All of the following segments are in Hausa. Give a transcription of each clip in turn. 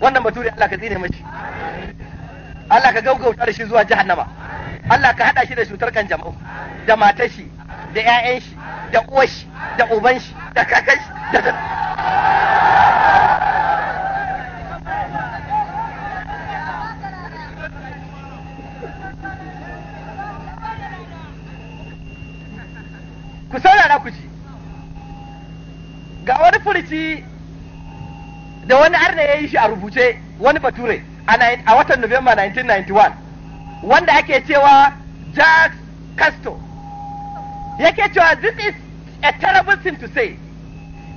wannan bature Allah ka zine mashi Allah ka gaugauta da shi zuwa jahannama Allah ka hada shi da cutar kan jama'u da matar shi da ƴaƴan shi da uwar shi da uban shi da kakan shi da ku saurara ku ji ga wani furici da wani arna ya yi shi a rubuce wani bature a watan Nuwamba 1991 wanda ake cewa Jack Casto yake cewa this is a terrible thing to say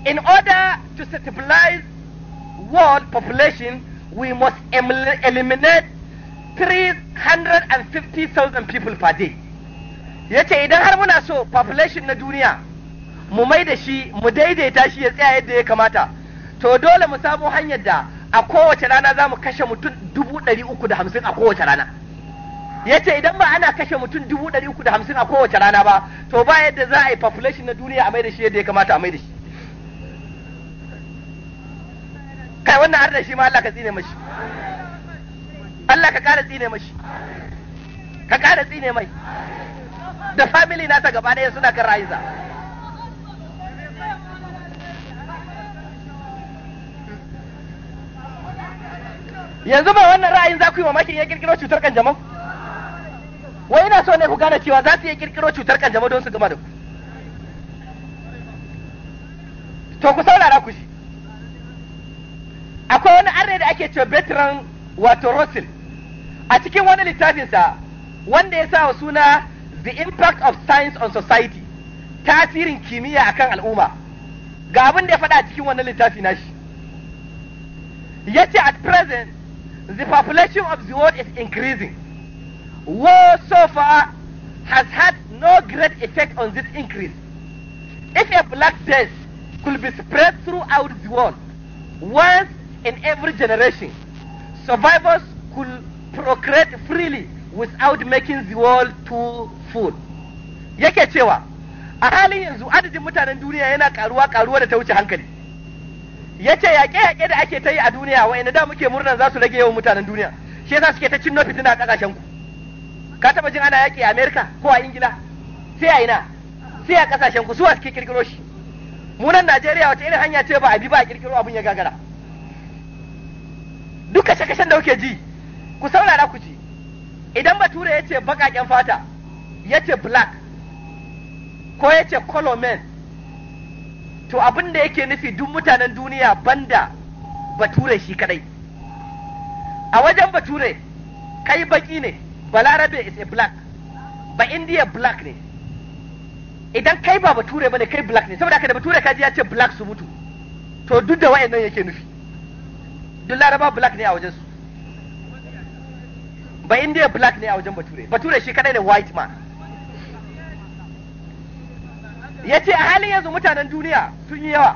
in order to stabilize world population we must eliminate 350,000 people per day yace idan har muna so population na duniya mu mai da shi mu daidaita shi ya tsaya yadda ya kamata to dole mu samu hanyar da a kowace rana za mu kashe mutum dubu ɗari uku da hamsin a kowace rana ya ce idan ba ana kashe mutum dubu ɗari uku da hamsin a kowace rana ba to ba yadda za a yi population na duniya a mai da shi yadda ya kamata a mai da shi kai wannan har da shi ma Allah ka tsine mashi Allah ka ƙara tsine mashi ka ƙara tsine mai da family nasa gaba ɗaya suna kan rayuwa yanzu ba wannan ra'ayin za ku yi mamakin ya kirkiro cutar kanjamau wai ina so ne ku gane cewa za su iya kirkiro cutar kanjamau don su gama da ku to ku saurara ku shi akwai wani arne da ake cewa betran wato Russell a cikin wani littafinsa wanda ya sa wa suna The Impact of Science on Society tasirin kimiyya akan al'umma ga abin da ya faɗa a cikin wannan littafi nashi yace at present the population of the world is increasing. War so far has had no great effect on this increase. If a black death could be spread throughout the world, once in every generation, survivors could procreate freely without making the world too full. Yake cewa, a halin yanzu adadin mutanen duniya yana karuwa karuwa da ta wuce hankali. yace yaƙe yaƙe da ake ta yi a duniya ina da muke murnan za su rage yawan mutanen duniya shi yasa suke ta cin fitina a kasashen ku ka taba jin ana yaƙi a Amerika ko a Ingila sai a ina sai a kasashen ku suwa suke kirkiro shi mu nan Najeriya wace irin hanya ce ba a bi ba a kirkiro abun ya gagara duk kashe-kashen da kuke ji ku saurara ku ji idan bature ya ce baƙaƙen fata ya ce black ko yace ce to abin da yake nufi duk mutanen duniya banda bature shi kadai a wajen bature kai baki ne balarabe is a black ba india black ne idan kai ba bature bane kai black ne saboda haka da bature kaji ya ce black su mutu to duk da wayannan yake nufi duk laraba black ne a wajen su ba india black ne a wajen bature bature shi kadai ne white man ya ce a halin yanzu mutanen duniya sun yi yawa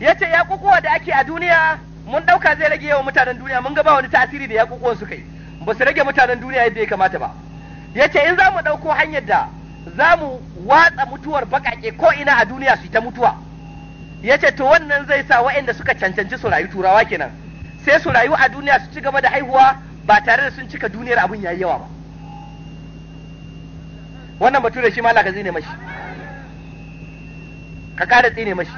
ya ce da ake a duniya mun ɗauka zai rage yawan mutanen duniya mun ga ba wani tasiri da kukuwa su kai ba su rage mutanen duniya yadda ya kamata ba ya ce in za mu ɗauko hanyar da za mu watsa mutuwar baƙaƙe ko ina a duniya su ta mutuwa ya ce to wannan zai sa waɗanda suka cancanci su rayu turawa kenan sai su rayu a duniya su ci gaba da haihuwa ba tare da sun cika duniyar abin yayi yawa ba wannan batu da shi malaka zai ne mashi ka ƙara tsine mashi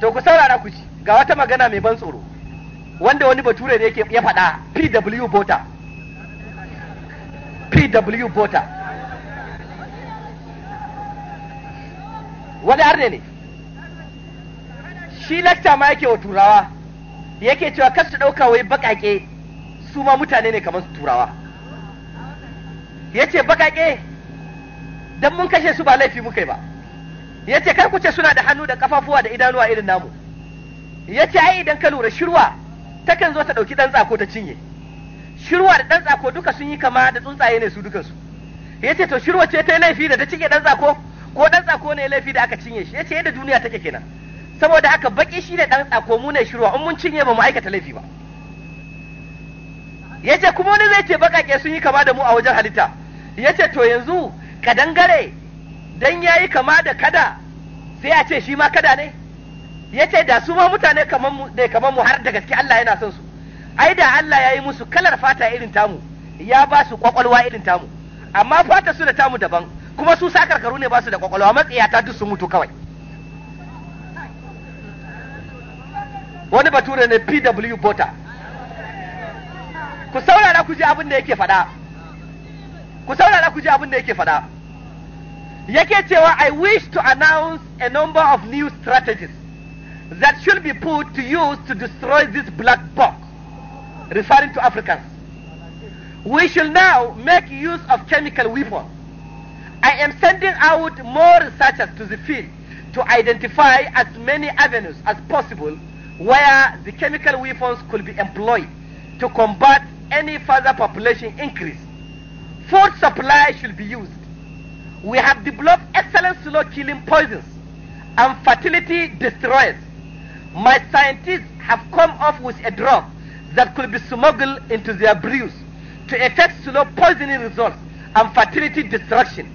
to ku saurara ku ci ga wata magana mai ban tsoro wanda wani bature ne ya faɗa PW Bota PW Bota wani har ne shi lakta ma yake wa turawa yake cewa kar su ɗauka wai baƙaƙe su ma mutane ne kamar su turawa yace baƙaƙe dan mun kashe su ba laifi muka yi ba yace kai ku ce suna da hannu da kafafuwa da idanuwa irin namu yace ai idan ka lura shirwa takan zo ta dauki dan tsako ta cinye shirwa da dan tsako duka sun yi kama da tsuntsaye ne su dukansu yace to shirwa ce ta laifi da ta cinye dan tsako ko dan tsako ne laifi da aka cinye shi yace yadda duniya take kenan saboda haka baki shi ne dan tsako mu ne shirwa in mun cinye ba mu aikata laifi ba yace kuma wani zai ce bakake sun yi kama da mu a wajen halitta yace to yanzu kadangare dan yayi kama da kada sai a ce shi ma kada ne yace da su ma mutane kaman mu da kaman mu har da gaske Allah yana son su ai da Allah yayi musu kalar fata irin tamu ya ba su kwakwalwa irin tamu amma fata su da tamu daban kuma su sakarkaru ne ba su da kwakwalwa ta duk su mutu kawai wani bature ne PW Bota ku saurara ku ji abin da yake faɗa ku saurara ku ji abin da yake faɗa yake I wish to announce a number of new strategies that should be put to use to destroy this black box, referring to Africans. We shall now make use of chemical weapons. I am sending out more researchers to the field to identify as many avenues as possible where the chemical weapons could be employed to combat any further population increase. Food supply should be used we have developed excellent slow killing poisons and fertility destroyers. My scientists have come up with a drug that could be smuggled into their brews to effect slow poisoning results and fertility destruction.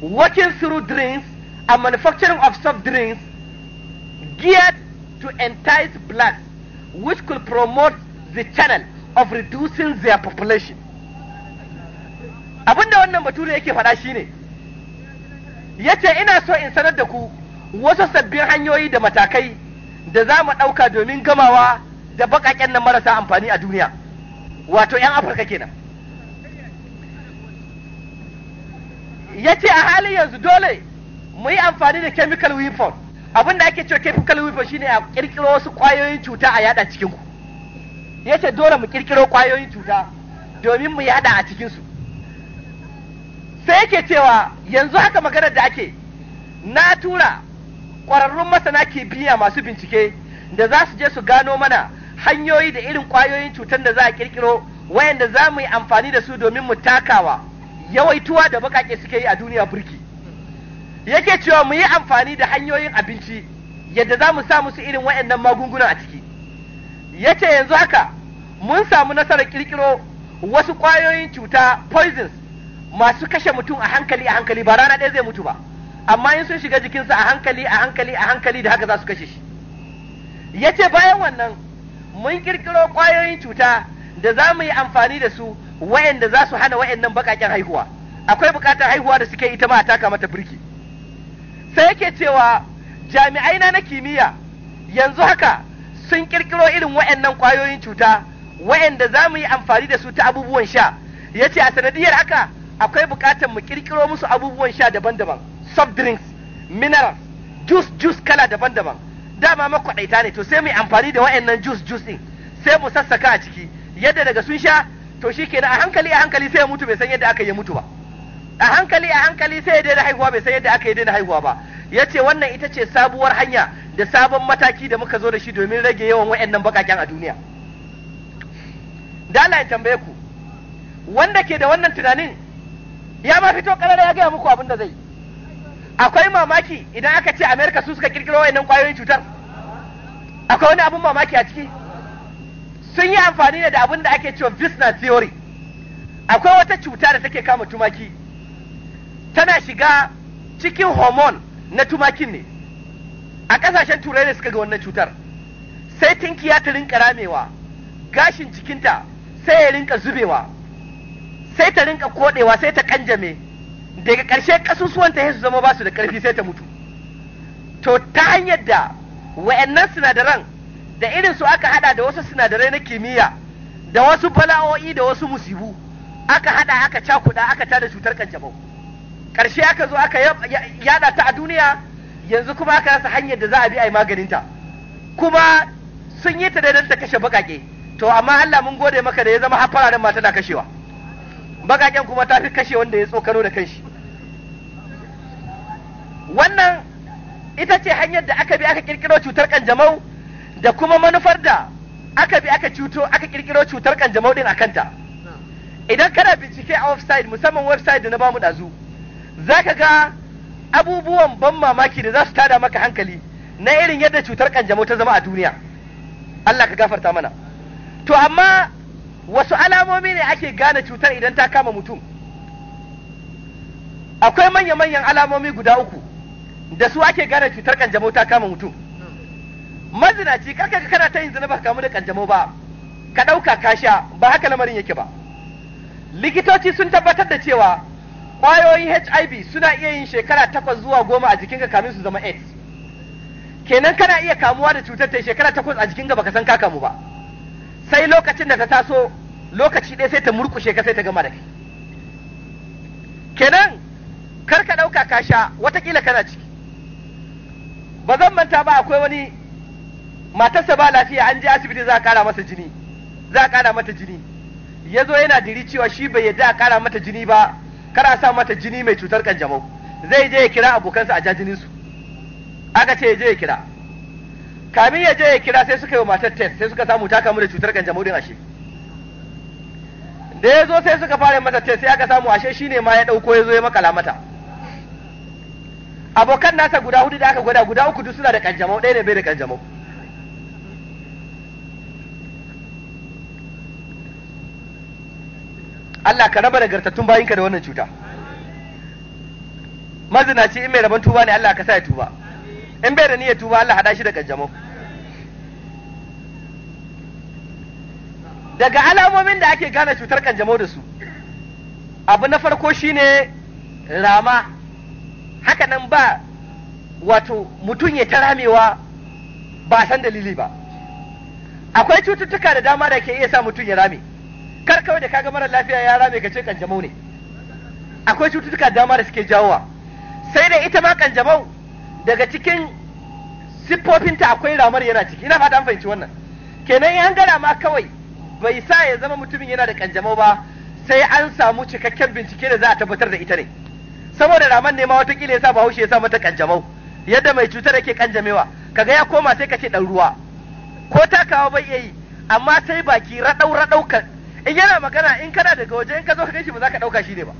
Working through drinks and manufacturing of soft drinks geared to entice blacks, which could promote the channel of reducing their population. Abin da wannan bature yake faɗa ne yace ina so in sanar da ku wasu sabbin hanyoyi da matakai da za mu ɗauka domin gamawa da baƙaƙen nan marasa amfani a duniya wato 'yan afirka kenan ya ce a halin yanzu dole mu yi amfani da chemical weapon abin da ake cewa chemical weapon shine a kirkiro wasu kwayoyin cuta a yada cikin ku ya ce dole mu kirkiro kwayoyin cuta domin mu yada a cikinsu yake cewa yanzu haka maganar da ake na tura ƙwararrun masana kimiyya masu bincike da za su je su gano mana hanyoyi da irin ƙwayoyin cutar da za a ƙirƙiro wayanda za mu yi amfani da su domin mu takawa yawaituwa da baƙaƙe suke yi a duniya burki yake cewa mu yi amfani da hanyoyin abinci yadda za mu sa musu irin wayannan magunguna a ciki yace yanzu haka mun samu nasarar ƙirƙiro wasu kwayoyin cuta poisons masu kashe mutum a hankali a hankali ba rana ɗaya zai mutu ba amma in sun shiga jikinsa a hankali a hankali a hankali da haka za su kashe shi ya ce bayan wannan mun kirkiro ƙwayoyin cuta da za mu yi amfani da su wa'anda za su hana wa'annan baƙaƙen haihuwa akwai buƙatar haihuwa da suke ita ma a taka mata birki sai yake cewa jami'ai na na kimiyya yanzu haka sun ƙirƙiro irin wa'annan ƙwayoyin cuta wa'anda za mu yi amfani da su ta abubuwan sha ya ce a sanadiyar haka akwai bukatar mu kirkiro musu abubuwan sha daban-daban soft drinks minerals juice juice kala daban-daban dama makwadaita ne to sai mu amfani da wayannan juice juice din sai mu sassaka a ciki yadda daga sun sha to shikenan a hankali a hankali sai ya mutu bai san yadda aka yi mutu ba a hankali a hankali sai ya daina haihuwa bai san yadda aka yi daina haihuwa ba ya ce wannan ita ce sabuwar hanya da sabon mataki da muka zo da shi domin rage yawan wayannan bakaken a duniya da Allah ya tambaye ku wanda ke da wannan tunanin ya ma fito karara ya gaya muku abin da zai akwai mamaki idan aka ce amerika su suka kirkiro wayannan kwayoyin cutar akwai wani abin mamaki a ciki sun yi amfani ne da abin da ake cewa visna theory akwai wata cuta da take kama tumaki tana shiga cikin homon na tumakin ne a ƙasashen turai ne suka ga wannan cutar sai tinkiya ta rinka ramewa gashin cikinta sai ya rinka zubewa sai ta rinka kodewa sai ta kanjame daga ƙarshe ƙasusuwan ta su zama basu da ƙarfi sai ta mutu to ta hanyar da wa'annan sinadaran da irin su aka hada da wasu sinadarai na kimiyya da wasu bala'o'i da wasu musibu aka hada aka cakuda aka tada cutar kanjamau ƙarshe aka zo aka yada ta a duniya yanzu kuma aka rasa hanyar da za a bi a yi maganinta kuma sun yi ta da ta kashe baƙaƙe to amma Allah mun gode maka da ya zama hafara da mata na kashewa bakaken kuma ta fi kashe wanda ya tsokano da kanshi wannan ita ce hanyar da aka bi aka kirkiro cutar kanjamau da kuma manufar da aka bi aka cuto aka kirkiro cutar kanjamau ɗin a kanta idan kana bincike a website musamman website da na bamu dazu ka ga abubuwan ban mamaki da za su tada maka hankali na irin yadda cutar kanjamau ta zama a duniya Allah ka gafarta mana to amma wasu alamomi ne ake gane cutar idan ta kama mutum akwai manya-manyan alamomi guda uku da su ake gane cutar kanjamau ta kama mutum mazinaci karka kana ta yin zina ba kamu da kanjamau ba ka ɗauka ka sha ba haka lamarin yake ba likitoci sun tabbatar da cewa ƙwayoyin hiv suna iya yin shekara takwas zuwa goma a jikinka kamin su zama aids kenan kana iya kamuwa da cutar ta shekara takwas a jikinka baka san ka kamu ba sai lokacin da ta taso lokaci ɗaya sai ta murkushe ka sai ta gama da kai kenan kar ka ɗauka ka sha watakila kana ciki ba zan manta ba akwai wani matarsa ba lafiya an je asibiti za a kara masa jini za a kara mata jini ya zo yana diri cewa shi bai yadda a kara mata jini ba kar a sa mata jini mai cutar kanjamau zai je ya kira abokansa a jajininsu aka ce ya je ya kira kamin ya je ya kira sai suka yi matar test sai suka samu ta kamu da cutar kanjamau din ashe da ya zo sai suka fara mata test sai aka samu ashe shine ma ya dauko ya zo ya makala mata abokan nasa guda hudu da aka gwada guda uku duk suna da kanjamau ɗaya ne bai da kanjamau Allah ka raba gartattun bayinka da wannan cuta mazinaci in mai rabon tuba ne Allah ka sa ya tuba in bai da niyyar tuba Allah hada shi da kanjamo daga alamomin da ake gane cutar kanjamo da su abu na farko shine rama haka nan ba wato mutum ya ta ramewa ba san dalili ba akwai cututtuka da dama da ke iya sa mutum ya rame kar kawai da kaga mara lafiya ya rame ka ce kanjamau ne akwai cututtuka dama da suke jawowa sai da ita ma kanjamau daga cikin siffofinta akwai ramar yana ciki ina fata an fahimci wannan kenan 'yan gara ma kawai bai sa ya zama mutumin yana da kanjamau ba sai an samu cikakken bincike da za a tabbatar da ita ne saboda raman ne ma watakila ya sa bahaushe ya sa mata kanjamau yadda mai cutar yake kanjamewa kaga ya koma sai kace dan ruwa ko takawa bai yi amma sai baki radau radau in yana magana in kana daga waje in ka zo ka gaishe ba za ka dauka shi ne ba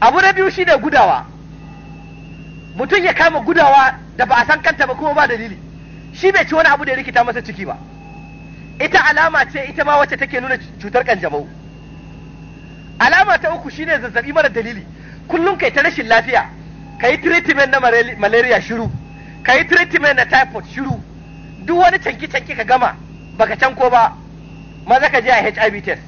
abu na biyu shine gudawa mutum ya kama gudawa da ba a san kanta ba kuma ba dalili shi bai ci wani abu da ya rikita masa ciki ba ita alama ce ita ma wacce take nuna cutar kanjamau alama ta uku shine zazzabi mara dalili kullum kai ta rashin lafiya ka yi treatment na malaria shiru ka yi treatment na typhoid shiru duk wani canki canki ka gama baka ko ba maza ka je a HIV test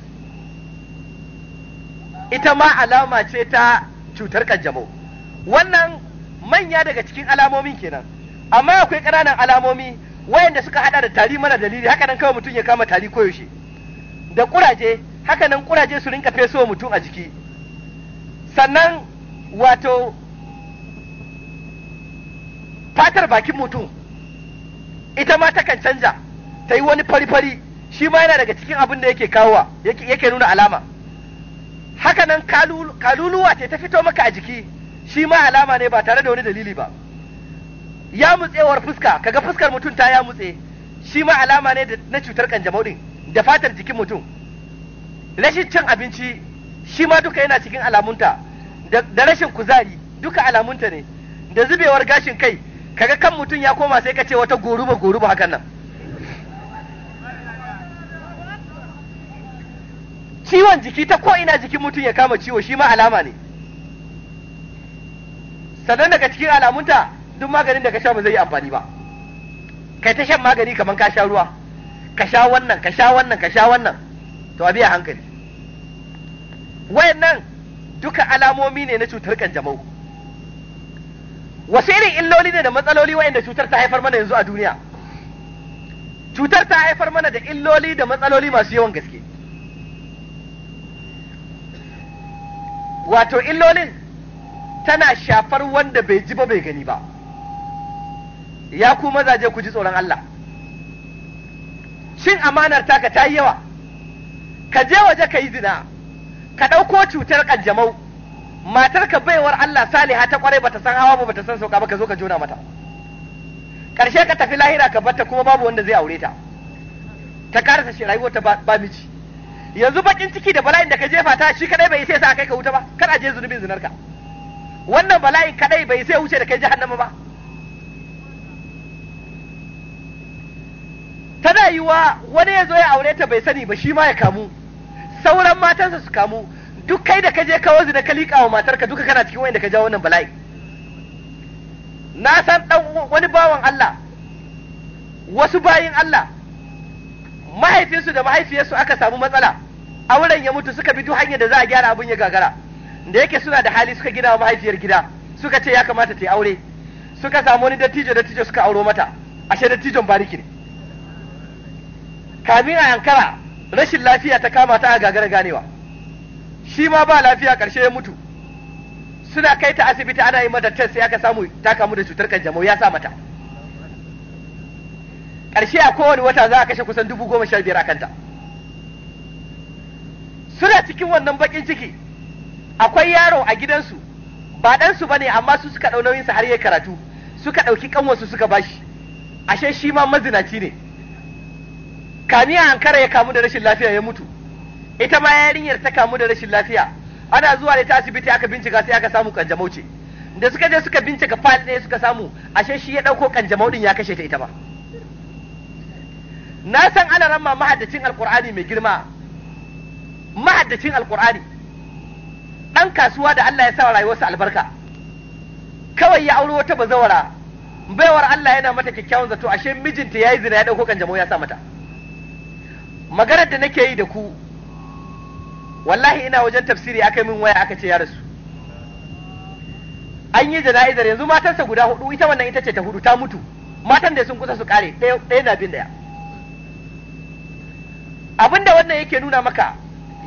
ita ma alama ce ta cutar kanjamau wannan manya daga cikin alamomin kenan amma akwai ƙananan alamomi wayanda suka hada da tari mana dalili haka nan kawai mutum ya kama tari koyaushe da kuraje haka nan kuraje su rinka feso mutum a jiki sannan wato fatar bakin mutum ita ma takan canja ta yi wani fari-fari shi ma yana daga cikin abin da yake kawo yake nuna alama haka nan kaluluwa ce ta fito maka a jiki shi ma alama ne ba tare da wani dalili ba ya mutsewar fuska kaga fuskar mutum ta ya mutse shi ma alama ne na cutar kanjamau din da fatar jikin mutum rashin cin abinci shi ma duka yana cikin alamunta da rashin kuzari duka alamunta ne da zubewar gashin kai kaga kan mutum ya koma sai ka ce wata goruba goruba hakan nan ciwon jiki ta ko ina jikin mutum ya kama ciwo shi ma alama ne sannan daga cikin alamunta duk maganin da ka sha ba zai yi amfani ba kai ta shan magani kamar ka sha ruwa ka sha wannan ka sha wannan ka sha wannan to a biya hankali wayannan duka alamomi ne na cutar kanjamau wasu irin illoli ne da matsaloli wayanda cutar ta haifar mana yanzu a duniya cutar ta haifar mana da illoli da matsaloli masu yawan gaske wato illolin tana shafar wanda bai ji ba bai gani ba ya ku mazaje ku ji tsoron Allah shin amanar taka ta yi yawa ka je waje ka yi zina ka ɗauko cutar ƙanjamau matar ka baiwar Allah saliha ta kwarai bata san hawa ba bata san sauka ba ka zo ka jona mata ƙarshe ka tafi lahira ka batta kuma babu wanda zai aure ta ta karasa shi rayuwar ta ba miji yanzu bakin ciki da bala'in da ka jefa ta shi kadai bai sai sa kai ka wuta ba kar a je zunubin zinarka wannan bala'in kadai bai sai wuce da kai jahannama ba tana yiwa wani ya zo ya aure ta bai sani ba shi ma ya kamu sauran matansa su kamu duk kai da ka je kawo zina ka liƙa wa matarka duka kana cikin da ka ja wannan bala'i na san dan wani bawan Allah wasu bayin Allah mahaifinsu da mahaifiyarsu aka samu matsala auren ya mutu suka bi hanyar da za a gyara abin ya gagara da yake suna da hali suka gina wa mahaifiyar gida suka ce ya kamata ta yi aure suka samu wani dattijo dattijo suka auro mata ashe dattijon bariki ne kamin a yankara rashin lafiya ta kama ta a gagara ganewa shi ma ba lafiya karshe ya mutu suna kai ta asibiti ana yi mata test sai aka samu ta kamu da cutar kanjamau ya sa mata ƙarshe a kowane wata za a kashe kusan dubu goma sha biyar a kanta suna cikin wannan baƙin ciki akwai yaro a gidansu ba ɗansu ba ne amma su suka ɗau nauyinsa har ya karatu suka ɗauki ƙanwarsu suka bashi ashe shi ma mazinaci ne kamiya ankara ya kamu da rashin lafiya ya mutu ita ma yarinyar ta kamu da rashin lafiya ana zuwa da ta asibiti aka bincika sai aka samu kanjamau ce da suka je suka bincika fal ɗaya suka samu ashe shi ya ɗauko kanjamau ɗin ya kashe ta ita ba. na san ana ramma mahaddacin alkur'ani mai girma mahaddacin alkur'ani ɗan kasuwa da Allah ya sa rayuwarsa albarka kawai ya auri wata bazawara baiwar Allah yana mata kyakkyawan zato ashe mijinta yayi zina ya dauko kanjamau ya sa mata Magarar da nake yi da ku wallahi ina wajen tafsiri aka min waya aka ce ya rasu an yi jana'izar yanzu matansa guda hudu ita wannan ita ce ta hudu ta mutu matan da sun kusa su kare ɗaya na bin daya abinda wannan yake nuna maka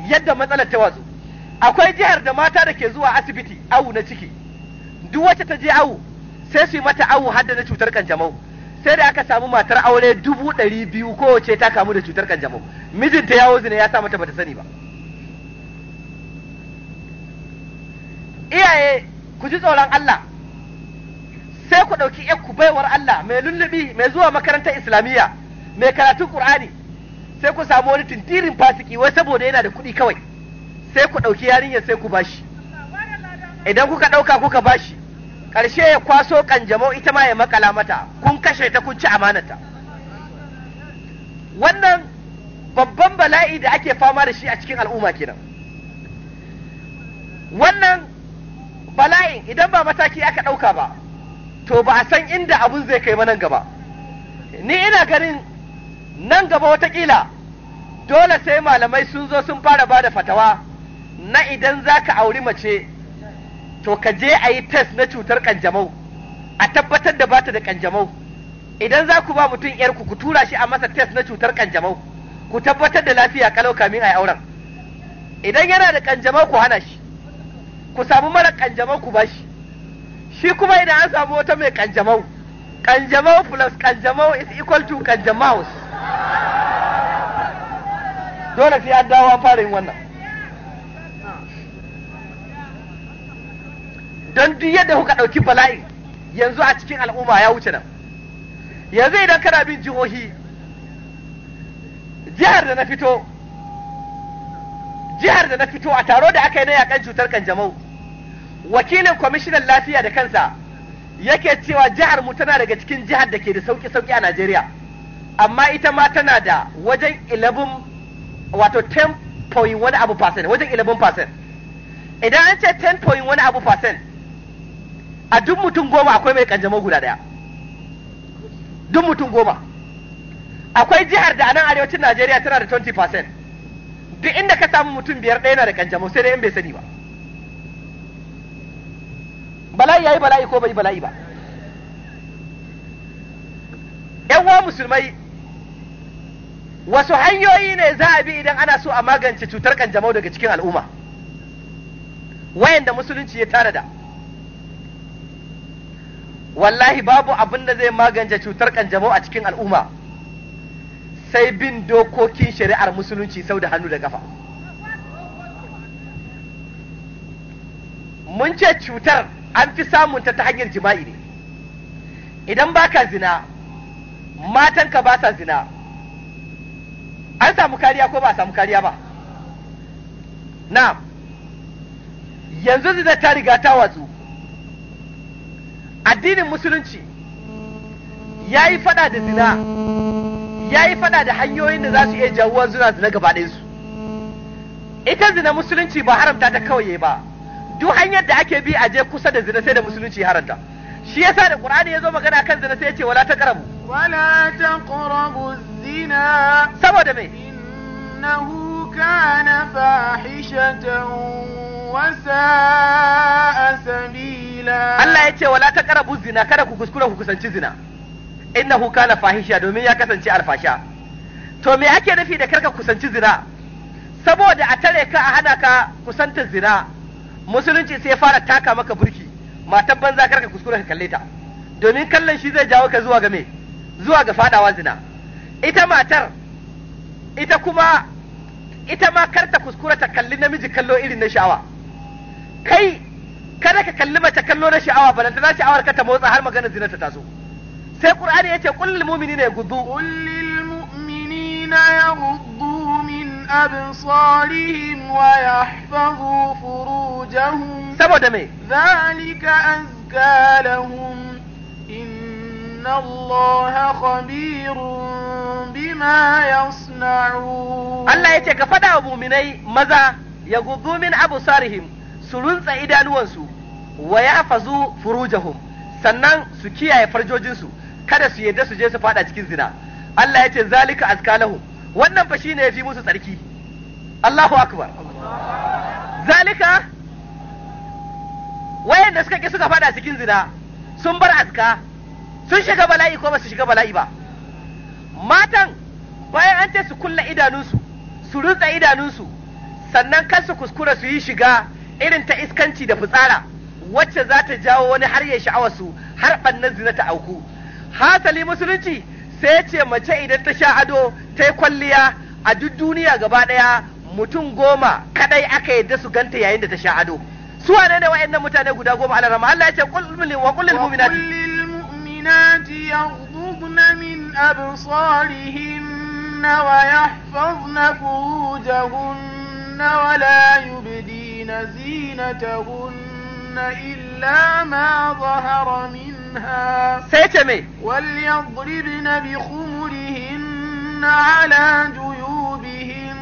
yadda matsalar ta watsu akwai jihar da mata da ke zuwa asibiti awu na ciki duk wacce ta je awu sai su yi mata awu har da na cutar kanjamau sai da aka samu matar aure dubu ɗari biyu kowace ta kamu da cutar kanjamau mijinta ya zina ya sa mata bata sani ba iyaye ku ji tsoron Allah sai ku ɗauki ku baiwar Allah mai lullubi mai zuwa makarantar islamiyya mai karatun ƙur'ani sai ku samu wani tintirin fasiki wai saboda yana da kuɗi kawai sai ku ɗauki yarinya sai ku bashi idan kuka ɗauka kuka bashi ƙarshe ya kwaso kanjamau ita ma ya makala mata kun kashe ta kun ci amanata wannan babban bala'i da ake fama da shi a cikin al'umma kenan wannan bala'in idan ba mataki aka ɗauka ba to ba a san inda abun zai kai nan gaba ni ina ganin nan gaba watakila dole sai malamai sun zo sun fara ba da fatawa na idan za ka auri mace to ka je a yi test na cutar kanjamau a tabbatar da bata da kanjamau idan za ku ba mutum yarku ku tura shi a masa test na cutar kanjamau ku tabbatar da lafiya kalau kamin a yi auren idan yana da kanjamau ku hana shi ku samu mara kanjamau ku shi shi kuma idan an samu wata mai kanjamau kanjamau plus kanjamau is equal to kanjamaus dole sai an dawo an fara yin wannan don duk yadda kuka ɗauki bala'i yanzu a cikin al'umma ya wuce nan yanzu idan kana bin jihohi jihar da na fito jihar da na fito a taro da aka yi na yakan cutar kanjamau wakilin kwamishinan lafiya da kansa yake cewa jihar mu tana daga cikin jihar da ke da sauƙi-sauƙi a Najeriya amma ita ma tana da wajen wato 10 point wani abu percent wajen 11 percent idan an ce 10 point wani abu percent a duk mutum goma akwai mai kanjamau guda daya duk mutum goma akwai jihar da a nan arewacin Najeriya tana da 20 percent duk inda ka samu mutum biyar ɗaya na da kanjamau sai dai in bai sani ba bala'i yayi bala'i ko bai bala'i ba yan uwa musulmai wasu hanyoyi ne za a bi idan ana so a magance cutar kanjamau daga cikin al'umma wayanda musulunci ya tara da wallahi babu abin da zai magance cutar kanjamau a cikin al'umma sai bin dokokin shari'ar musulunci sau da hannu da kafa mun ce cutar an fi samunta ta hanyar jima'i ne idan baka zina matanka ba sa zina an samu kariya ko ba a samu kariya ba na yanzu zina ta riga ta watsu addinin musulunci ya yi fada da zina ya yi fada da hanyoyin da za su iya jawuwar zina zina gaba su ita zina musulunci ba haramta ta kawai ba duk hanyar da ake bi a je kusa da zina sai da musulunci haramta. shi yasa da qur'ani yazo magana kan zina sai ya ce wala taqrabu wala taqrabu zina saboda me innahu kana fahishatan wasa'a sabila Allah ya ce wala taqrabu zina kada ku kuskura ku kusanci zina innahu kana fahisha domin ya kasance alfasha to me ake nufi da karka kusanci zina saboda a tare ka a hana ka kusantar zina musulunci sai fara taka maka burki matan banza karka kuskure ka kalle ta domin kallon shi zai jawo ka zuwa ga me zuwa ga fadawa zina ita matar ita kuma ita ma kar ta kuskura ta kalli namiji kallo irin na sha'awa kai kada ka kalli mace kallo na sha'awa balantana sha'awar ka ta motsa har magana zina ta taso sai qur'ani yace lil mu'minina yaghuddu kullil mu'minina yaghuddu min absarihim wa yahfazu furujahum saboda me zalika azgalahum inna allaha khabirun bima yasna'un Allah yace ka fada wa mu'minai maza ya min absarihim su runtsa idanuwansu wa ya'fazu furujahum sannan su kiyaye farjojinsu kada su yadda su je su fada cikin zina Allah yace zalika azka wannan fa shine yafi musu tsarki Allahu akbar zalika wayanda suka ki suka fada cikin zina sun bar aska sun shiga bala'i ko ba su shiga bala'i ba matan bayan an ce su kulla idanunsu su rutsa idanunsu sannan kan su kuskura su yi shiga irin ta iskanci da fitsara wacce za ta jawo wani har ya sha'awa su har ɓannan zina ta auku hasali musulunci sai ce mace idan ta sha ado ta yi kwalliya a duk duniya gaba ɗaya mutum goma kaɗai aka yadda su ganta yayin da ta sha ado su wane ne wa'annan mutane guda goma ala rama Allah ya ce qul wa qul lil mu'minati lil mu'minati yaghdubna min absarihinna wa yahfazna furujahunna wa la yubdina zinatahunna illa ma zahara minha sai ce me wal yadribna bi khumurihinna ala juyubihin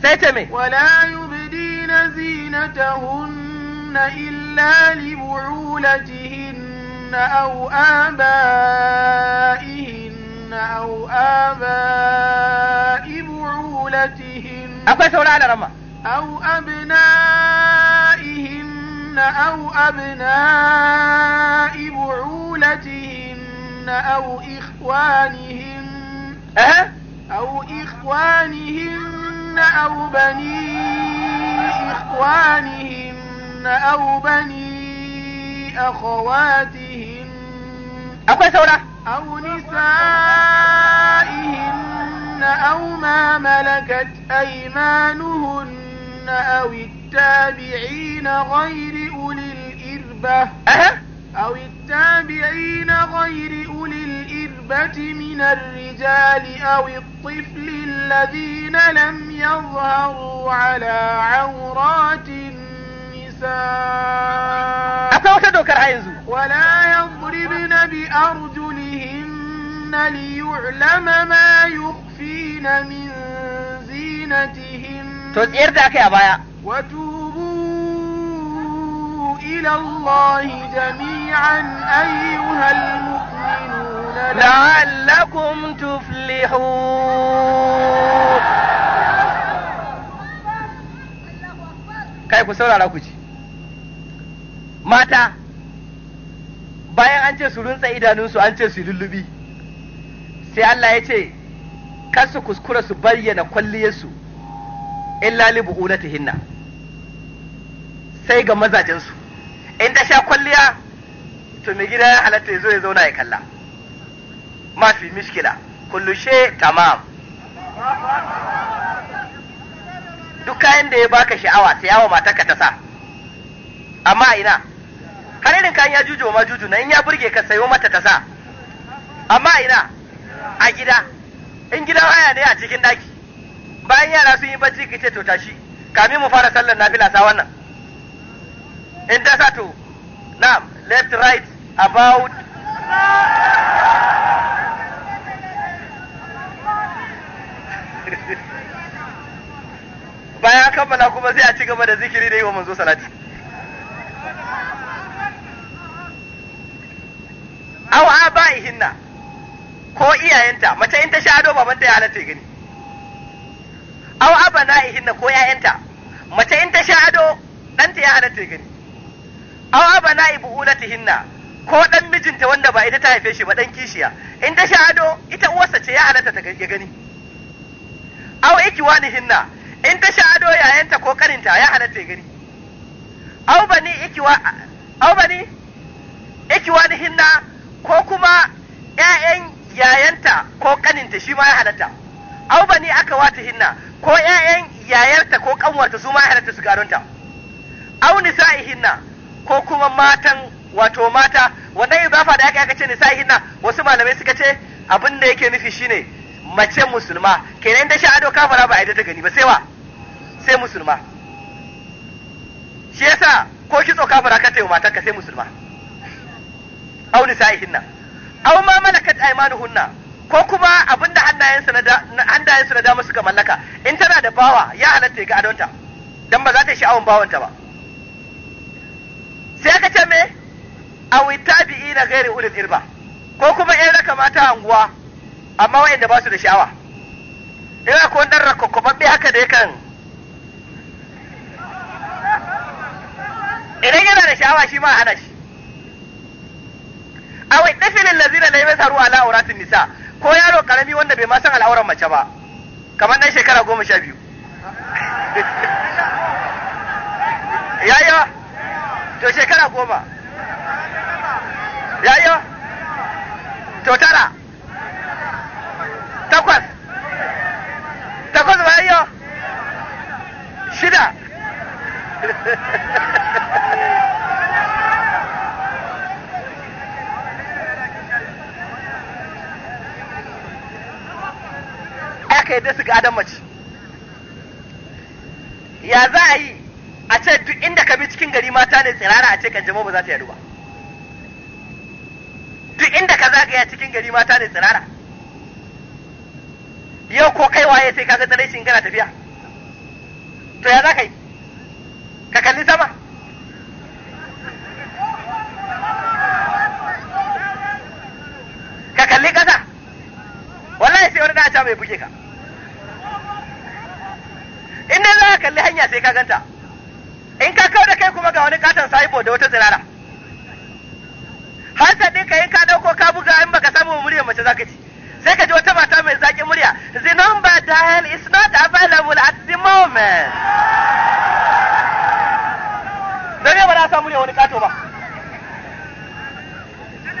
sai ce me wala yubdina zinatahunna إلا لبعولتهن أو آبائهن أو آباء بعولتهن رمى أو أبنائهن أو أبناء بعولتهن أو إخوانهن أه؟ أو إخوانهن أو بني إخوانهن أو بني أخواتهن أكوي سورة أو نسائهن أو ما ملكت أيمانهن أو التابعين غير أولي الإربة أه. أو التابعين غير أولي الإربة من الرجال أو الطفل الذين لم يظهروا على عورات النساء akwai wata dokar a yanzu wala yadribna bi arjulihinna liyu'lama ma yukhfina min zinatihin to tsayar da aka a baya wa tubu ila Allah jami'an ayyuhal mu'minun la'allakum tuflihun kai ku saurara ku ji mata bayan an ce su runtsa idanunsu an ce su lullubi sai Allah ya ce kar kuskura su bayyana kwalliyarsu in illa ta hinna sai ga mazajensu in ta sha kwalliya to mai gida ya halatta ya zo ya zauna ya kalla Mafi, mishkila kullu tamam duk kayan da ya baka sha'awa sai yawa matarka ta sa amma ina kanarin kayan ya juju ma juju na in ya burge ka sayo mata ta sa amma ina a gida in gidan haya ne a cikin daki bayan yara sun yi bacci ka ce to tashi kami mu fara sallar nafila sa wannan in ta sa to na left right about bayan kammala kuma sai a ci gaba da zikiri da yi wa manzo salati aw aba'ihinna ko iyayenta mace in ta sha ado babanta ya halatta gani aw abana'ihinna ko yayanta mace in ta sha ado danta ya halatta gani aw abana'i bu'ulatihinna ko dan mijinta wanda ba ita ta haife shi ba dan kishiya in ta sha ado ita uwarsa ce ya halatta ta gani aw ikiwanihinna in ta sha ado yayanta ko kaninta ya halatta gani aw bani ikiwa aw bani ikiwanihinna ko kuma ‘ya'yan yayanta ko ƙaninta shi ma ya halatta, au ni aka wata hinna ko ‘ya'yan yayarta ko ƙanwarta su ma ya halatta su garunta, au hinna ko kuma matan wato mata wannan izafa da aka ce hinna wasu malamai suka ce abin da yake nufi shine mace musulma kenan da shi ado kafara ba a yi ta gani ba sai musulma shi yasa ko kitso kafara ka yi wa matarka sai musulma aw nisa'ihinna aw ma malakat aymanuhunna ko kuma abinda hannayensu na hannayensu na dama suka mallaka in tana da bawa ya halatta ga adonta dan ba za ta sha'awan bawanta ba sai ka ce me aw tabi'ina ghairi ulil irba ko kuma ƴan raka mata anguwa amma waɗanda ba su da sha'awa ina ko dan rakkokobabbe haka da yakan idan yana da sha'awa shi ma hana shi A wai lazina na yi masa ruwa ala auratin nisa ko yaro karami wanda bai ma san al'auran mace ba kamar dan shekara goma sha biyu yaya to shekara goma yaya to tara takwas takwas ba yaya shida yadda su adam mace ya za a yi a ce duk inda ka bi cikin gari mata ne tsirara a ce kan jama'a ba za ta yadu ba duk inda ka zagaya cikin gari mata ne tsirara yau ko kai waye sai ga tsare shi gana tafiya to ya za ka yi ka kalli sama ka ganta in ka kawo da kai kuma ga wani katon sahibo da wata tsirara hansa ɗinka in ka dauko ka buga in baka samu muryar mace zaka ci sai ka ji wata mata mai zaƙi murya the number dial is not available at the moment don ba na samu murya wani kato ba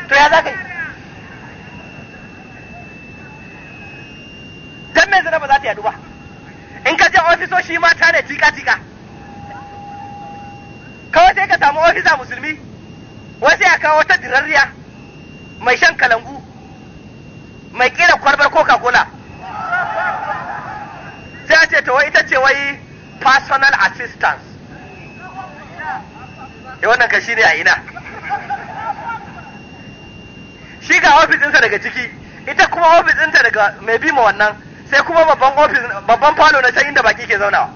to ya za ka yi dan mai zina ba za ta yadu ba fi so shi mata ne tika-tika kawai sai ka samu ofisa musulmi wai sai a kawo wata dirarriya mai shan kalangu mai kila kwarbar coca cola sai a ce ta wai ita ce wai personal assistance e wannan ka ne a ina shi ga ofisinsa daga ciki ita kuma ofisinsa daga mai bi ma wannan sai kuma babban ofis babban falo na can inda baki ke zauna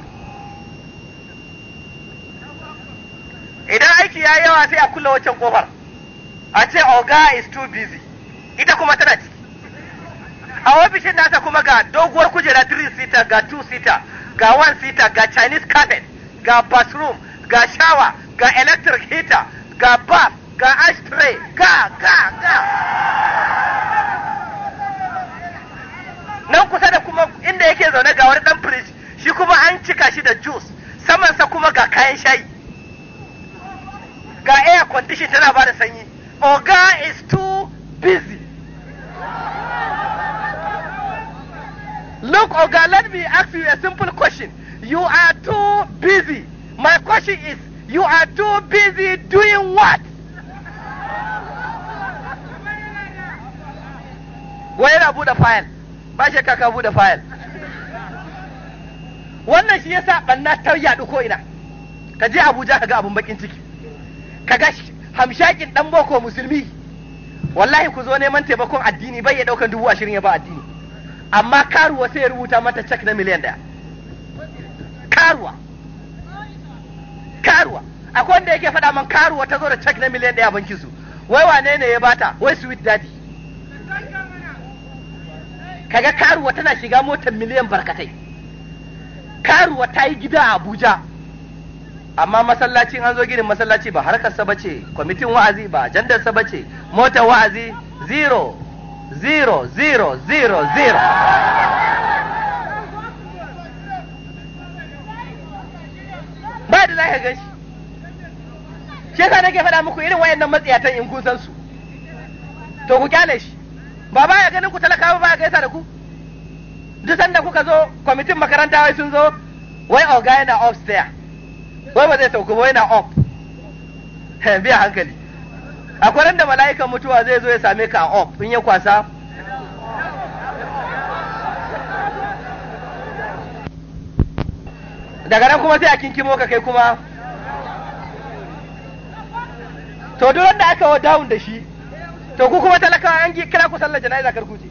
idan aiki ya yi yawa sai a kulla waccan kofar a ce oga is too busy ita kuma tana ciki a ofishin nasa kuma ga doguwar kujera 3 seater ga 2 seater ga 1 seater ga chinese carpet ga bathroom ga shower ga electric heater ga bath ga ashtray ga ga ga nan kusa da kuma inda yake zaune ga wani dan firij shi kuma an cika shi da juice saman sa kuma ga kayan shayi ga air condition tana ba da sanyi oga is too busy look oga let me ask you a simple question you are too busy my question is you are too busy doing what wai yana bude file ba shi ka bude fayil wannan shi yasa banna ta yadu ko ina ka je Abuja ka ga abun bakin ciki ka ga hamshakin dan boko musulmi wallahi ku zo neman taimakon addini bai ya daukan dubu ashirin ya ba addini amma karuwa sai ya rubuta mata cek na miliyan daya karuwa karuwa akwai wanda yake faɗa man karuwa ta zo da cek na miliyan daya bankin su wai wane ne ya bata wai sweet daddy kaga karuwa tana shiga motar miliyan barkatai karuwa ta yi gida a abuja amma masallacin an zo ginin masallaci ba harkarsa ba ce kwamitin wa'azi ba jandarsa ba ce motar wa'azi zero zero zero zero zero ba da za ka gan shi shi yasa nake faɗa muku irin wayannan matsiyatan in kun san su to ku kyale shi ba ya ganin ku talakawa ya gaisa da ku duk sanda kuka zo kwamitin makaranta wai sun zo wai oga yana stair wai ba zai sauka ba yana up biya hankali akwai da mala'ikan mutuwa zai zo ya same ka a in ya kwasa daga nan kuma sai a kinkimo ka kai kuma to duk da aka wa down da shi to ku kuma talakawa an kira ku sallar jana'iza kar ku je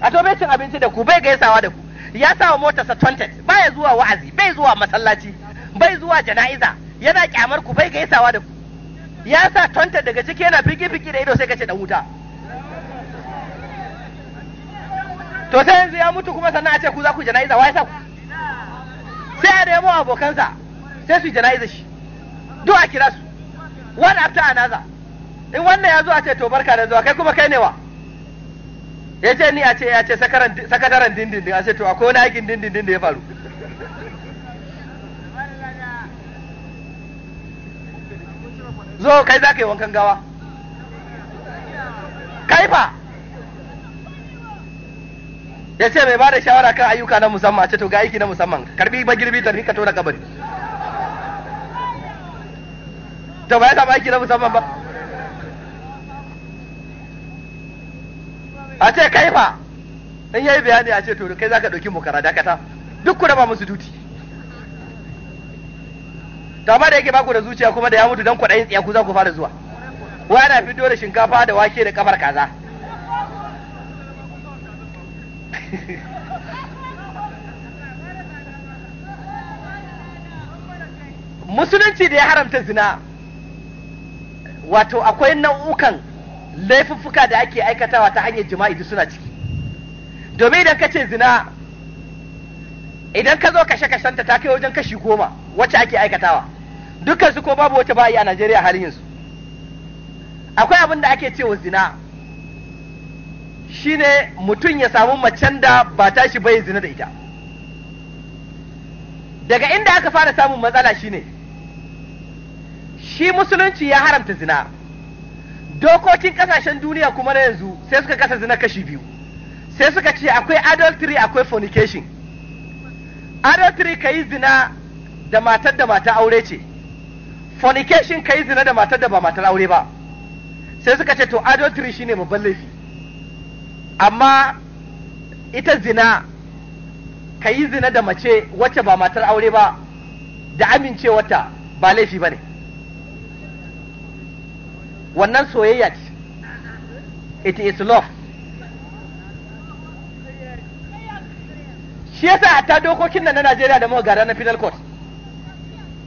a to bai cin abinci da ku bai gaisawa da ku ya sawa motarsa tontet baya zuwa wa'azi bai zuwa masallaci bai zuwa jana'iza yana kyamar ku bai gaisawa da ku ya sa tontet daga ciki yana fiki fiki da ido sai kace da wuta to sai yanzu ya mutu kuma sannan a ce ku za ku jana'iza wai sa ku sai a nemo abokansa sai su jana'iza shi duk a kira su one after another in wannan ya zo a ce to barka da zuwa kai kuma kai ne wa ya ce ni a ce ya ce sakataren dindindin a ce to akwai wani aikin dindindin da ya faru zo kai za ka yi wankan gawa kai fa ya ce mai ba da shawara kan ayyuka na musamman a ce to ga aiki na musamman karbi bagirbi ta rika tona kabari to ba ya samu aiki na musamman ba ce kai fa in yayi bayani a ce to kai zaka dauki mukara dakata duk ku raba musu duti to amma da yake baku da zuciya kuma da ya mutu dan kwaɗayin tsiya ku za ku fara zuwa wai ana fito da shinkafa da wake da kamar kaza musulunci da ya haramta zina wato akwai nau'ukan laifuffuka da ake aikatawa ta hanyar jima'i duk suna ciki domin idan ka ce zina idan ka zo kashe kashenta ta kai wajen kashi goma wacce ake aikatawa dukkan su ko babu wata bayi a Najeriya halin yanzu akwai abin da ake cewa zina shine mutum ya samu macen da ba tashi bai zina da ita daga inda aka fara samun matsala shine shi musulunci ya haramta zina dokokin kasashen duniya kuma na yanzu sai suka kasa zina kashi biyu sai suka ce akwai adultery akwai fornication adultery ka yi zina da matar da mata aure ce fornication ka yi zina da matar da ba matar aure ba sai suka ce to adultery shine babban laifi amma ita zina ka yi zina da mace wacce ba matar aure ba da amincewarta ba laifi ba ne wannan soyayya ce it is love shi yasa a ta dokokin nan na Najeriya da muka gada na penal court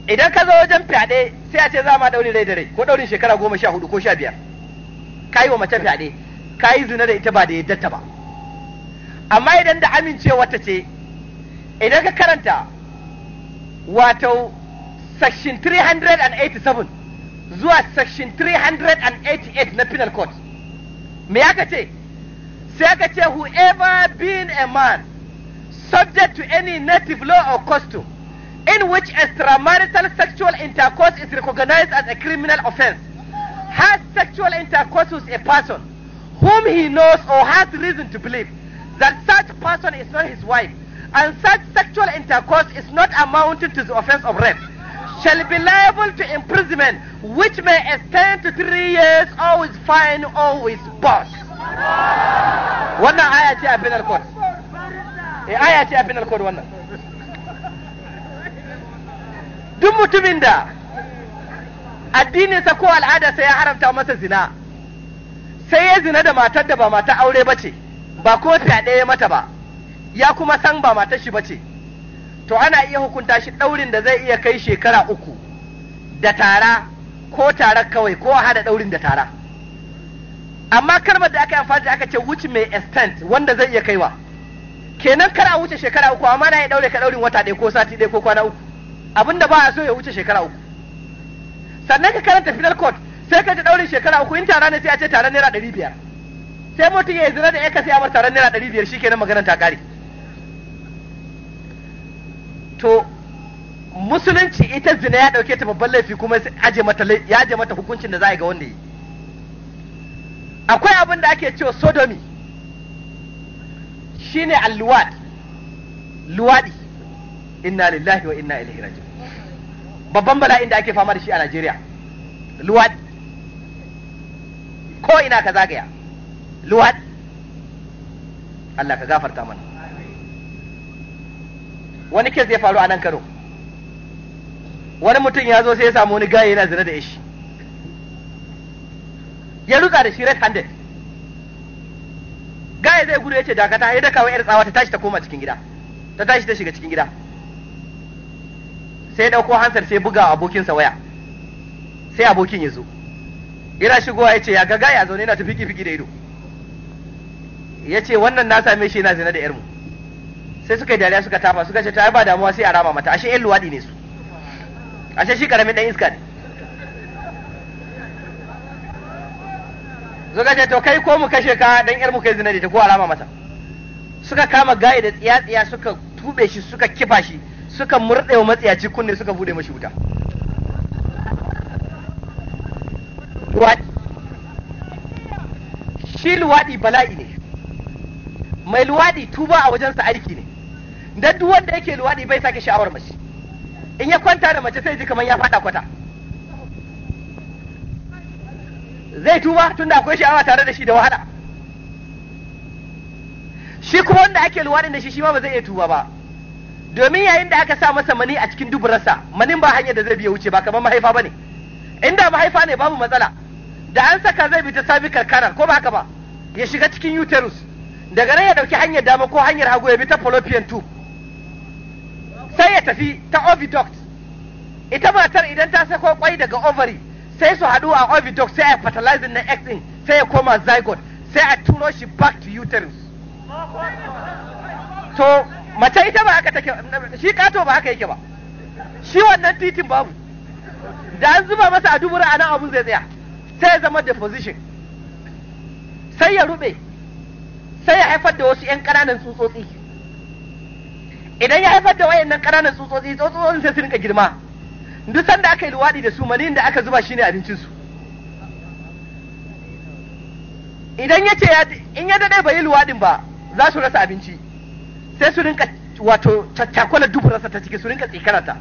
idan ka zo wajen fyaɗe sai a ce za ma ɗaurin rai da rai ko ɗaurin shekara goma sha hudu ko sha biyar ka yi wa mace fyaɗe ka yi zina da ita ba da yaddata ba amma idan da amincewa ta ce idan ka karanta wato section 387 zuwa section 388 na penal code me aka ce sai aka ce whoever being a man subject to any native law or custom in which extramarital sexual intercourse is recognized as a criminal offense has sexual intercourse with a person whom he knows or has reason to believe that such person is not his wife and such sexual intercourse is not amounting to the offense of rape shall be liable to imprisonment which may extend to three years or with fine or with boss. Wannan aya ce a final court e eh, aya ce a final court wannan. Duk mutumin da addininsa ko al'adarsa ya haramta masa zina, sai ya zina da matar da ba mata aure ba ce, ba ko fyaɗe ya mata ba, ya kuma san ba matar shi ba ce. to ana iya hukunta shi ɗaurin da zai iya kai shekara uku da tara ko tara kawai ko hada ɗaurin da tara amma kalmar da aka amfani da aka ce wuce mai extent wanda zai iya kaiwa kenan kar a wuce shekara uku amma na ya ɗaure ka ɗaurin wata ɗaya ko sati ɗaya ko kwana uku abinda ba a so ya wuce shekara uku sannan ka karanta final court sai ka ji ɗaurin shekara uku in tara ne sai a ce taron naira ɗari biyar sai mutum ya yi zina da ya kasi a bar taron naira ɗari biyar shi kenan maganar ta ƙare to musulunci ita zina ya ɗauke ta babban laifi kuma ya aje mata hukuncin da za a ga wanda yi akwai abin da ake cewa sodomi shine alluwad luwadi inna lillahi wa inna ilaihi raji'un babban bala'in da ake fama da shi a Najeriya luwadi ko ina ka zagaya luwadi Allah ka gafarta mana wani kes ya faru a nan Kano wani mutum ya zo sai ya samu wani gaye yana zina da ishi ya rutsa da shi red handed gaye zai gudu ya ce dakata ya dakawa yar tsawa ta tashi ta koma cikin gida ta tashi ta shiga cikin gida sai dauko hansar sai buga abokinsa waya sai abokin ya zo yana shigowa ya ce ya ga gaye a zaune yana ta fiki fiki da ido ya ce wannan na same shi yana zina da yarmu sai suka yi dariya suka tafa suka ce ta ba damuwa sai a rama mata ashe yan luwaɗi ne su ashe shi karamin ɗan iska ne suka ce to kai ko mu kashe ka dan yar mu kai zina da ta ko a rama mata suka kama gaye da tsiya tsiya suka tube shi suka kifa shi suka murɗe wa matsiyaci kunne suka bude mashi wuta luwaɗi shi luwaɗi bala'i ne mai luwaɗi tuba a wajensa aiki ne da duk wanda yake luwaɗi bai sake sha'awar mace in ya kwanta da mace sai ji kamar ya faɗa kwata zai tuba tunda akwai sha'awa tare da shi da wahala shi kuma wanda ake luwaɗi da shi shi ma ba zai iya tuba ba domin yayin da aka sa masa mani a cikin duburarsa manin ba hanyar da zai biya wuce ba kamar mahaifa ba ne inda mahaifa ne babu matsala da an saka zai bi ta sabi karkara ko ba haka ba ya shiga cikin uterus daga nan ya dauki hanyar dama ko hanyar hagu ya bi ta fallopian tube sai ya tafi ta oviduct ita matar idan ta sako kwai daga ovary sai su haɗu a oviduct sai a fertilizer na egg din sai ya koma zygote sai a turo shi back to uterus to mace ita ba haka take shi kato ba haka yake ba shi wannan titin babu da an zuba masa a dubura a nan abun zai tsaya sai ya zama deposition sai ya rube sai ya haifar da wasu 'yan ƙananan tsutsotsi idan ya haifar da wayannan ƙananan tsutsotsi tsutsotsin sai su rinka girma duk sanda aka yi luwaɗi da su malin da aka zuba shine abincin su idan ya ce in ya daɗe bai yi luwaɗin ba za su rasa abinci sai su rinka wato cakkakwalar dubu rasa ta ciki su rinka tsikarata ta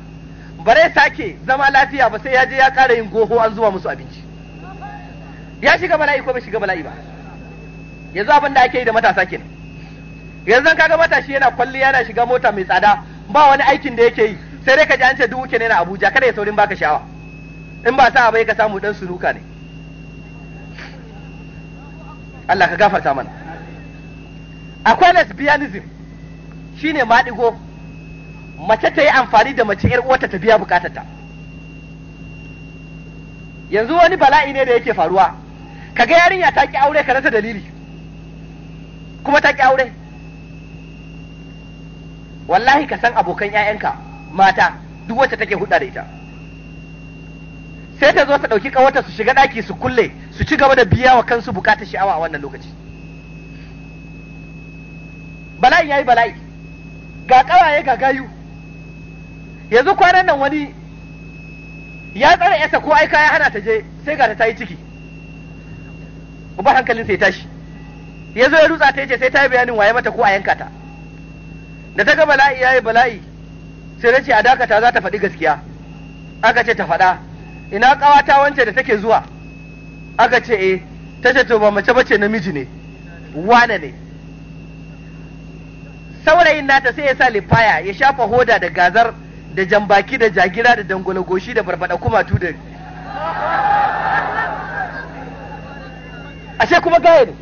bare sake zama lafiya ba sai ya je ya ƙara yin goho an zuba musu abinci ya shiga bala'i ko bai shiga bala'i ba yanzu abin da ake yi da matasa kenan yanzu kaga matashi yana kwalliya yana shiga mota mai tsada ba wani aikin da yake yi sai dai ka ji an ce duk na Abuja kada ya saurin baka sha'awa in ba sa bai ka samu dan suruka ne Allah ka gafarta mana akwai lesbianism shine maɗigo mace ta yi amfani da mace yar uwarta ta biya bukatarta yanzu wani bala'i ne da yake faruwa kaga yarinya ta ki aure ka rasa dalili kuma ta ki aure wallahi ka san abokan ƴaƴanka mata duk wacce take hudda da ita sai ta zo ta ɗauki ƙawarta su shiga ɗaki su kulle su ci gaba da biya wa kansu bukatar sha'awa a wannan lokaci bala'in yayi bala'i ga ƙawaye ga gayu yanzu kwanan nan wani ya tsara yasa ko ai kaya hana ta je sai ga ta yi ciki uba hankalin sai tashi yanzu ya rutsa ta yace sai ta yi bayanin waye mata ko a yanka ta da ta ga bala'i yayi bala'i sai ta ce a dakata za ta faɗi gaskiya aka ce ta faɗa ina ƙawata wance da take zuwa aka ce eh ta ce to ba mace bace namiji ne wane ne saurayin nata sai ya sa lifaya ya shafa hoda da gazar da jambaki da jagira da dangwale goshi da barbada kumatu da ashe kuma gaya ne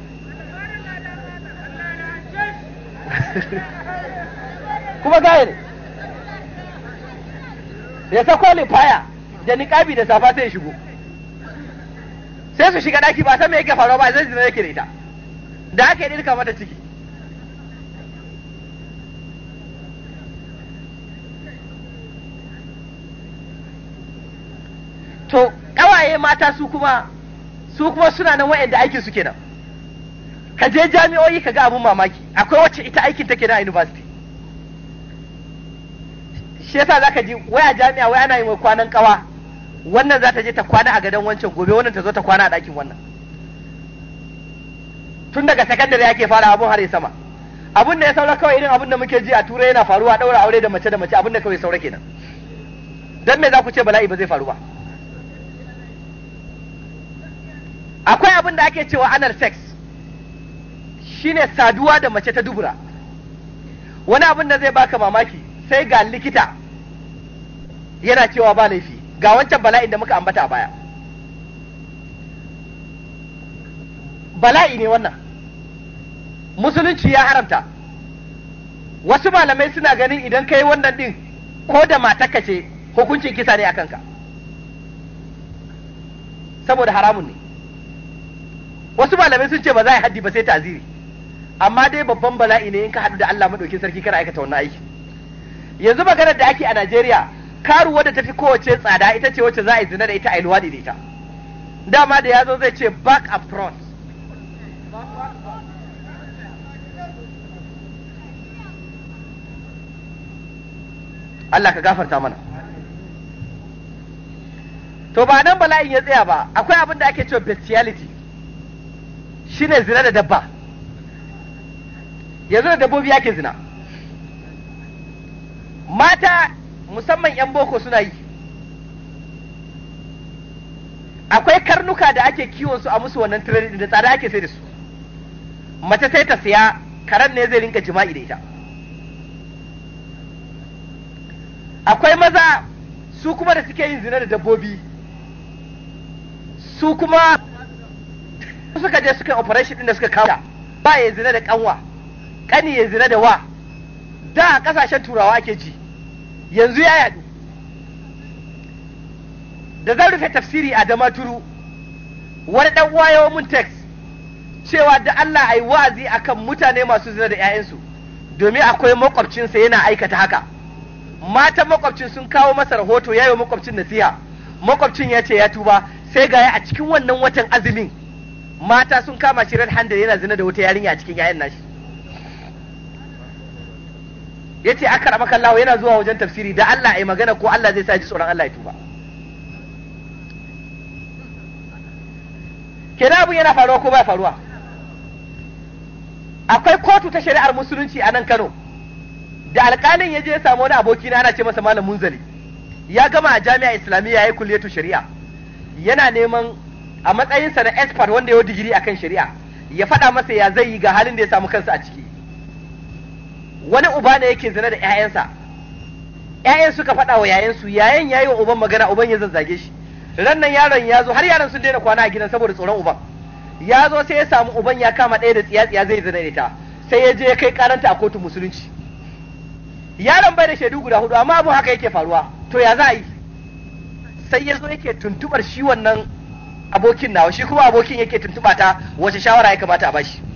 kuma gaya ne ya kwalin faya da niƙabi da safa sai shigo sai su shiga ɗaki ba san me yake faruwa ba zai zina yake da ita da aka yi ɗirka mata ciki to ƙawaye mata su kuma su kuma suna nan da aikin su kenan ka je jami'o'i ka ga abun mamaki akwai wacce ita aikin take na university shi yasa zaka ji waya jami'a waya ana yi mai kwanan kawa wannan za ta je ta kwana a gadon wancan gobe wannan ta zo ta kwana a ɗakin wannan tun daga sakandare ake fara abun har sama abun da ya saura kawai irin abun da muke ji a turai yana faruwa daura aure da mace da mace abun da kawai saura kenan dan me za ku ce bala'i ba zai faru ba akwai abun da ake cewa anal sex shine saduwa da mace ta dubura wani abun da zai baka mamaki sai ga likita yana cewa ba laifi ga wancan bala'in da muka ambata a baya bala'i ne wannan musulunci ya haramta wasu malamai suna ganin idan kai wannan din ko da matarka ce hukuncin kisa ne a kanka saboda haramun ne wasu malamai sun ce ba za a yi haddi ba sai taziri amma dai babban bala'i ne in ka haɗu da Allah maɗaukin sarki kana aikata wannan aiki yanzu maganar da ake a Najeriya karuwa da tafi kowace tsada ita ce wacce za a yi zina da ita a yi luwaɗi da ita dama da ya zo zai ce back up front Allah ka gafarta mana to ba nan bala'in ya tsaya ba akwai abin da ake cewa bestiality shine zina da dabba yanzu da dabbobi yake zina mata musamman 'yan boko suna yi akwai karnuka da ake kiwon su a musu wannan tiradin da tsada ake sai da su mace sai ta siya karen ne zai rinka jima'i da ita akwai maza su kuma da suke yin zina da dabbobi su kuma suka je suka operation din da suka kawo ba ya zina da kanwa kani ya zina da wa da a kasashen turawa ake ji yanzu ya yadu da zan rufe tafsiri a turu wani ɗan wayo mun text cewa da Allah ai wa'azi akan mutane masu zina da 'ya'yansu domin akwai makwabcinsa yana aikata haka mata makwabcin sun kawo masa rahoto yayo makwabcin nasiha makwabcin ya ce ya tuba sai ga a cikin wannan watan azumin mata sun kama shi red handed yana zina da wata yarinya a cikin 'ya'yan nashi ya ce aka rama kallawa yana zuwa wajen tafsiri da Allah ya magana ko Allah zai sa ji tsoron Allah ya tuba kenan abin yana faruwa ko ba faruwa akwai kotu ta shari'ar musulunci a nan Kano da alƙalin ya je ya samu wani aboki na ana ce masa malam munzali ya gama a jami'a islamiyya ya yi kulliyatu shari'a yana neman a matsayinsa na expert wanda ya yi digiri akan shari'a ya faɗa masa ya zai yi ga halin da ya samu kansa a ciki wani uba ne yake zina da ƴaƴansa ƴaƴan suka faɗa wa yayan su yayan yayi wa uban magana uban ya zazzage shi Rannan nan yaron ya zo har yaron sun daina kwana a gidan saboda tsoron uban ya zo sai ya samu uban ya kama ɗaya da tsiya tsiya zai zina da ita sai ya je ya kai karanta a kotun musulunci yaron bai da shaidu guda hudu amma abun haka yake faruwa to ya za a yi sai ya zo yake tuntubar shi wannan abokin nawa shi kuma abokin yake tuntuba ta wace shawara ya kamata a bashi